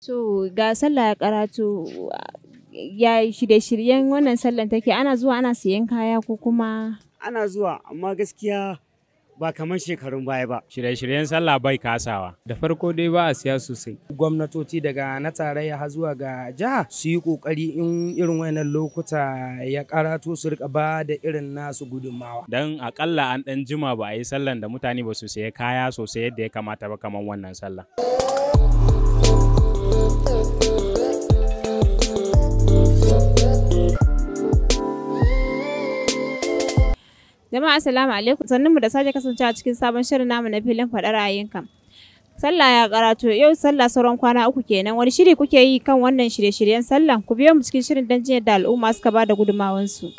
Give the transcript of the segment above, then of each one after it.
So ga sallah ya ƙarato, ya shirye-shiryen wannan sallar take? Ana zuwa ana siyan kaya ko kuma? Ana zuwa amma gaskiya ba kamar shekarun baya ba. Shirye-shiryen sallah bai kasawa. Da farko dai ba a siya sosai. Gwamnatoci daga na tarayya har zuwa ga jiha su yi kokari in irin wayannan lokuta ya karatu su rika ba da irin nasu gudunmawa. Dan akalla an dan jima ba a yi sallan da mutane ba su siya kaya sosai yadda ya kamata ba kamar wannan sallah. Jama'a assalamu alaikum sannun mu da sake kasancewa cikin sabon shirin namu na filin faɗa ra'ayinka. Sallah ya karatu yau sallah sauran kwana uku kenan wani shiri kuke yi kan wannan shirye-shiryen sallah ku biyo mu cikin shirin don jin yadda al'umma suka ba da su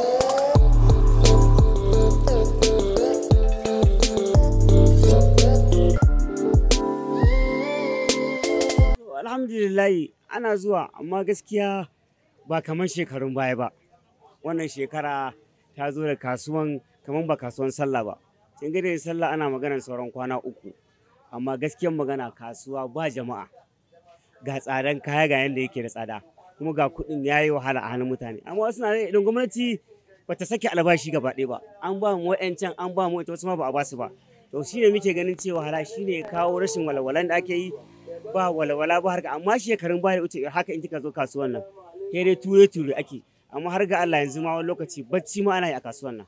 Alhamdulillahi ana zuwa amma gaskiya ba kamar shekarun baya ba wannan shekara ta zo da kasuwan kamar ba kasuwan sallah ba kin ga da sallah ana magana sauran kwana uku amma gaskiyar magana kasuwa ba jama'a ga tsadan kaya ga yanda yake da tsada kuma ga kuɗin ya yi wahala a hannun mutane amma wasu na idan gwamnati bata sake albashi gaba ɗaya ba an ba mu wa'yancan an ba mu wasu ma ba a basu ba to ne muke ganin cewa hala shi ne kawo rashin walwalan da ake yi ba walwala ba harka amma shekarun baya wuce haka in kika zo kasuwan nan sai dai ture ture ake amma har ga Allah yanzu ma wani lokaci bacci ma ana yi a kasuwan nan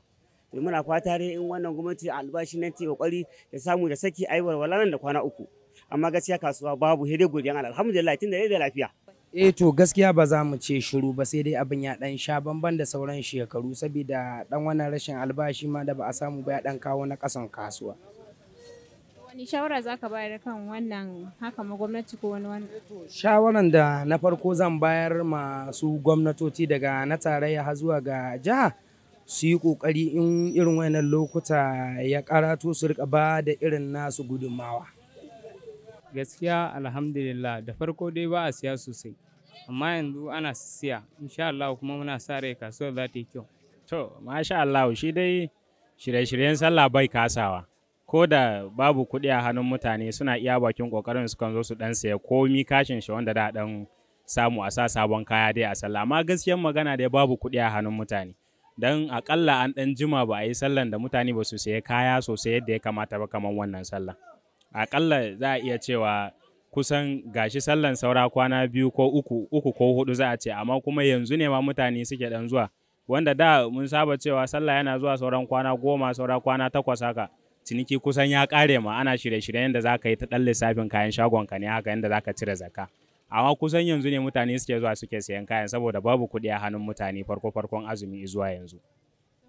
to muna fata dai in wannan gwamnati albashi nan ta kokari da samu da saki aiwar walalan da kwana uku amma gaskiya kasuwa babu hede godiyan alhamdulillah tunda dai da lafiya eh to gaskiya ba za mu ce shiru ba sai dai abin ya dan sha bamban da sauran shekaru saboda dan wannan rashin albashi ma da ba a samu ba ya dan kawo na kasan kasuwa wani shawara za ka bayar kan wannan haka ma gwamnati ko wani wani shawaran da na farko zan bayar masu gwamnatoci daga na tarayya har zuwa ga jiha su yi ƙoƙari in irin wayannan lokuta ya karato su rika ba da irin nasu gudunmawa. Gaskiya alhamdulillah da farko dai ba a siya sosai, amma yanzu ana siya, insha Allah kuma muna sa rai kasuwar za ta yi kyau. To, masha Allah shi dai shirye-shiryen sallah bai kasawa. Ko da babu kuɗi a hannun mutane suna iya bakin ƙoƙarin su kan zo su ɗan saya komi kashin shi wanda da ɗan samu a sa sabon kaya dai a sallah. Amma gaskiyan magana dai babu kuɗi a hannun mutane. don akalla an ɗan jima ba a yi sallan da mutane ba su sayi kaya sosai yadda ya kamata ba kamar wannan sallan akalla za a iya cewa kusan gashi sallan saura kwana biyu ko uku uku ko hudu za a ce amma kuma yanzu ne ma mutane suke ɗan zuwa wanda da mun saba cewa sallah yana zuwa sauran kwana goma saura kwana takwas haka ciniki kusan ya kare ma ana shirye-shiryen da za ka yi ta ɗan lissafin kayan shagonka ne haka yadda za ka cire zaka. amma kusan yanzu ne mutane suke zuwa suke sayan kayan saboda babu kuɗi a hannun mutane farko farkon azumi zuwa yanzu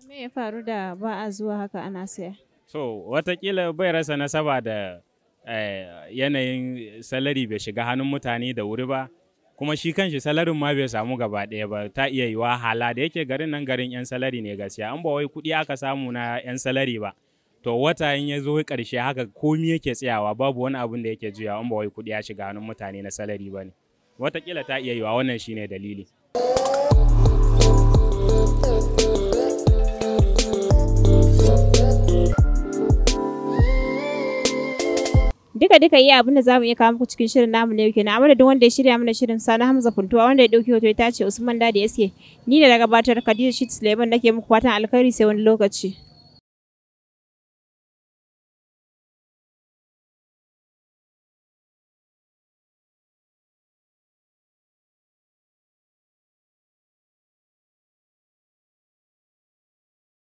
me ya faru da ba a zuwa haka ana saya so watakila bai rasa nasaba da eh, yanayin salari bai shiga hannun mutane da wuri ba kuma shi kanshi salarin ma bai samu gaba ɗaya ba ta iya yi hala da yake garin nan garin 'yan salari ne gaskiya an ba wai kuɗi aka samu na 'yan salari ba to wata in ya zo ƙarshe haka komi yake tsayawa babu wani abin da yake juya in ba wai kuɗi ya shiga hannun mutane na salari ba ne watakila ta iya yiwa wannan shine dalili duka duka iya abin da zamu iya kawo muku cikin shirin namu ne na amma da wanda ya shirya mana shirin Sani Hamza Funtuwa wanda ya dauki hoto ya tace Usman Dade Eske ni da na gabatar Khadija Shit Suleiman nake muku fatan alkhairi sai wani lokaci